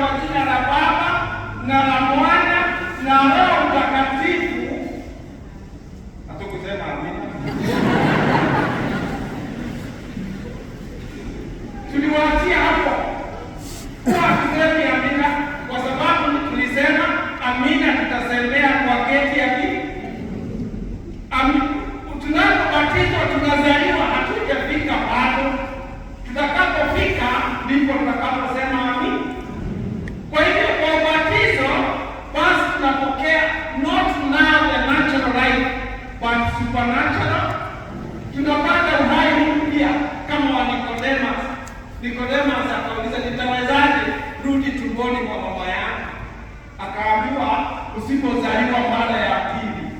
want to tumboni mwa mama yake, akaambiwa usipozaliwa mara ya pili.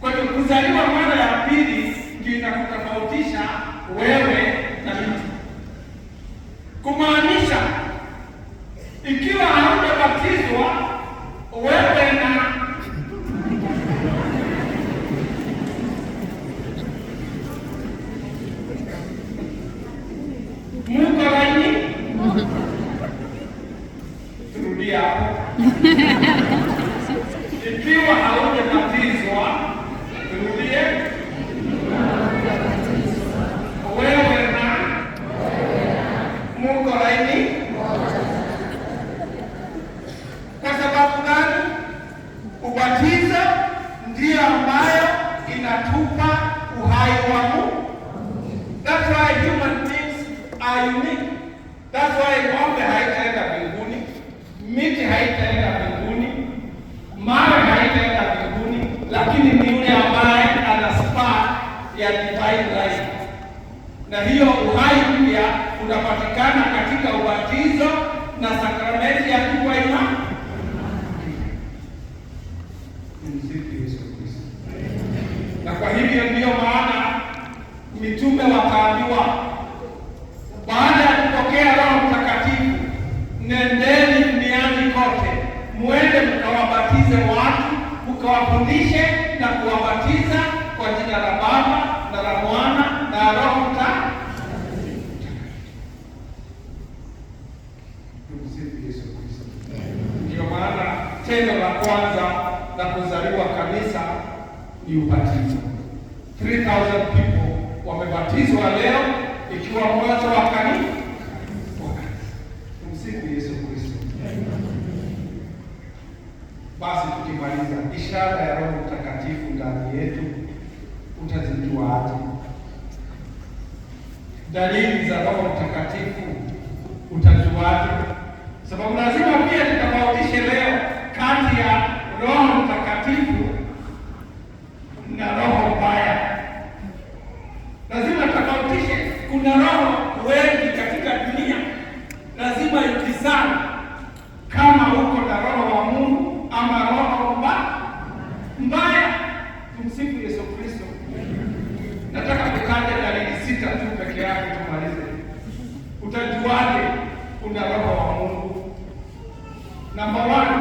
Kwa hiyo kuzaliwa mara ya pili ndio inakutofautisha wewe miti haitaenda mbinguni, mawe haitaenda mbinguni, lakini ni yule ambaye ana spark ya divine life, na hiyo uhai pia unapatikana katika ubatizo na sakramenti ya kuwa imani. Na kwa hivyo ndiyo maana mitume wa awafundishe na kuwabatiza kwa jina la Baba na la Mwana na Roho Mtakatifu. Ndio maana tendo la kwanza la kuzaliwa kanisa ni ubatizo. 3000 people wamebatizwa leo, ikiwa mwanzo wa kanisa. Tumsifu Yesu Kristo. Basi ishara ya Roho Mtakatifu ndani yetu utazijua aje? Dalili za Roho Mtakatifu utajuaje? Sababu lazima pia tutofautishe leo kati sita tu peke yake tumalize. Utajuaje una roho wa Mungu? Namba one,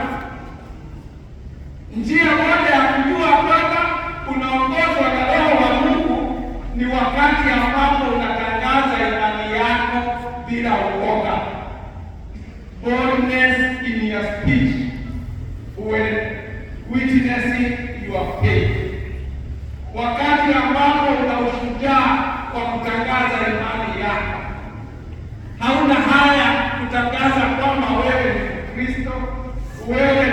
njia moja ya kujua kwamba unaongozwa na roho wa Mungu ni wakati ambapo unatangaza imani yako bila uoga, boldness in your speech when witnessing your faith. Wakati Casa. Toma. wewe Cristo, wewe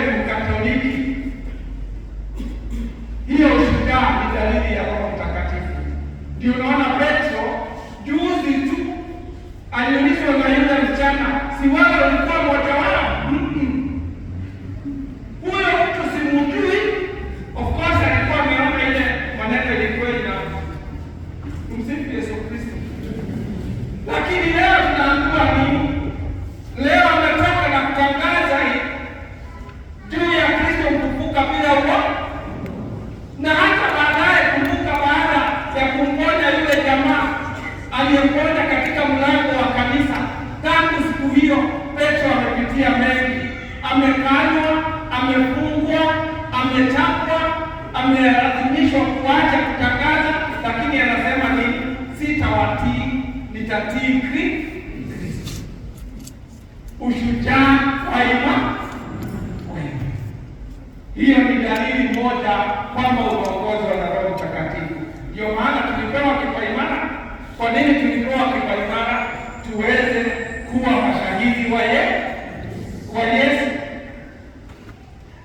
mmoja kwamba unaongozwa na Roho Mtakatifu. Ndio maana tulipewa kipaimara. Kwa nini tulipewa kipaimara? Tuweze kuwa mashahidi wa Yesu, wa Yesu.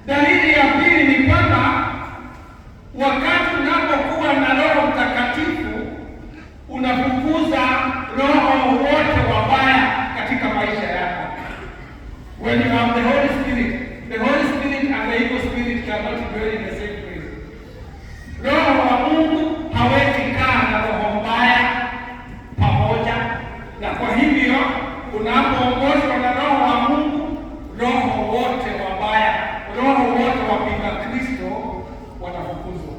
Dalili ya pili ni kwamba wakati unapokuwa na Roho Mtakatifu unafukuza roho wote wabaya katika maisha yako wenye na kwa hivyo unapoongozwa na Roho wa Mungu, roho wote wabaya, roho wote wapinga Kristo watafukuzwa.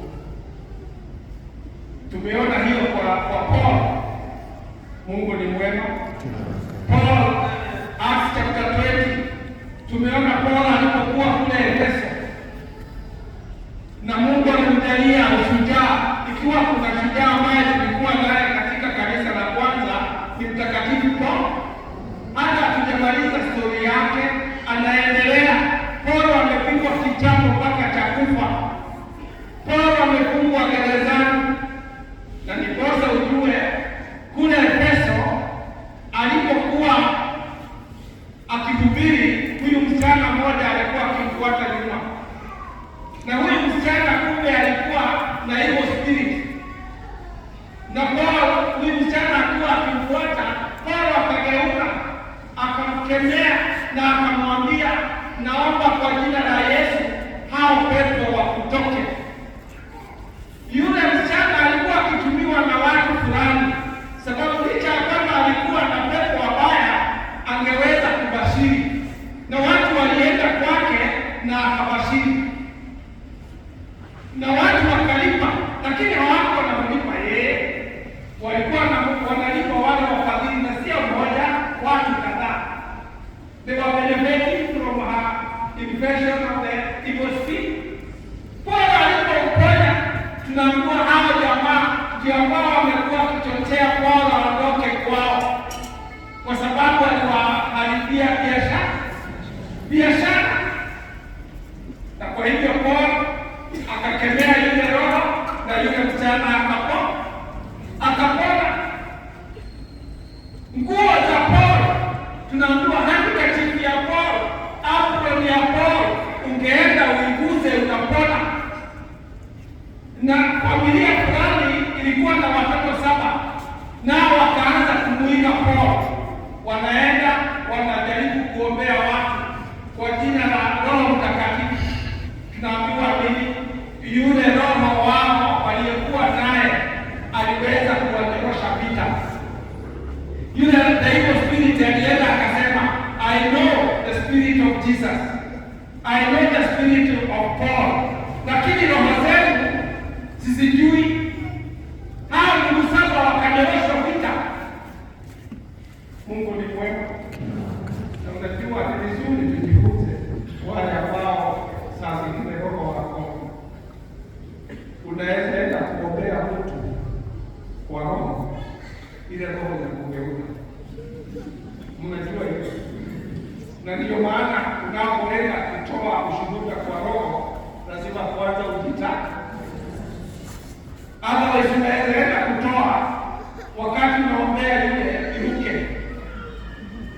Tumeona hiyo kwa kwa Paul. Mungu ni mwema. Paul Acts chapter 20 tumeona ಪಕ್ಕದಲ್ಲಿ na I met the spirit of Paul, lakini roho zenu zisijui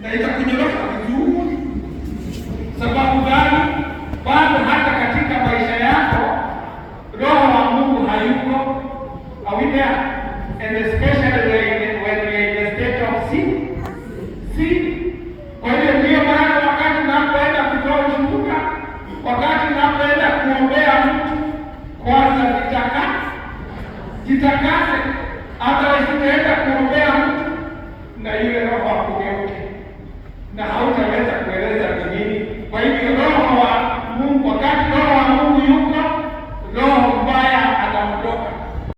na itakunyoroka vizuri. Sababu gani? Bado hata katika maisha yako roho wa Mungu hayuko awida, and especially when we are in the state of sin sin. Kwa hiyo ndiyo maana wakati unapoenda kutoa ushuhuda, wakati unapoenda kuombea mtu, kwanza jitakase, jitakase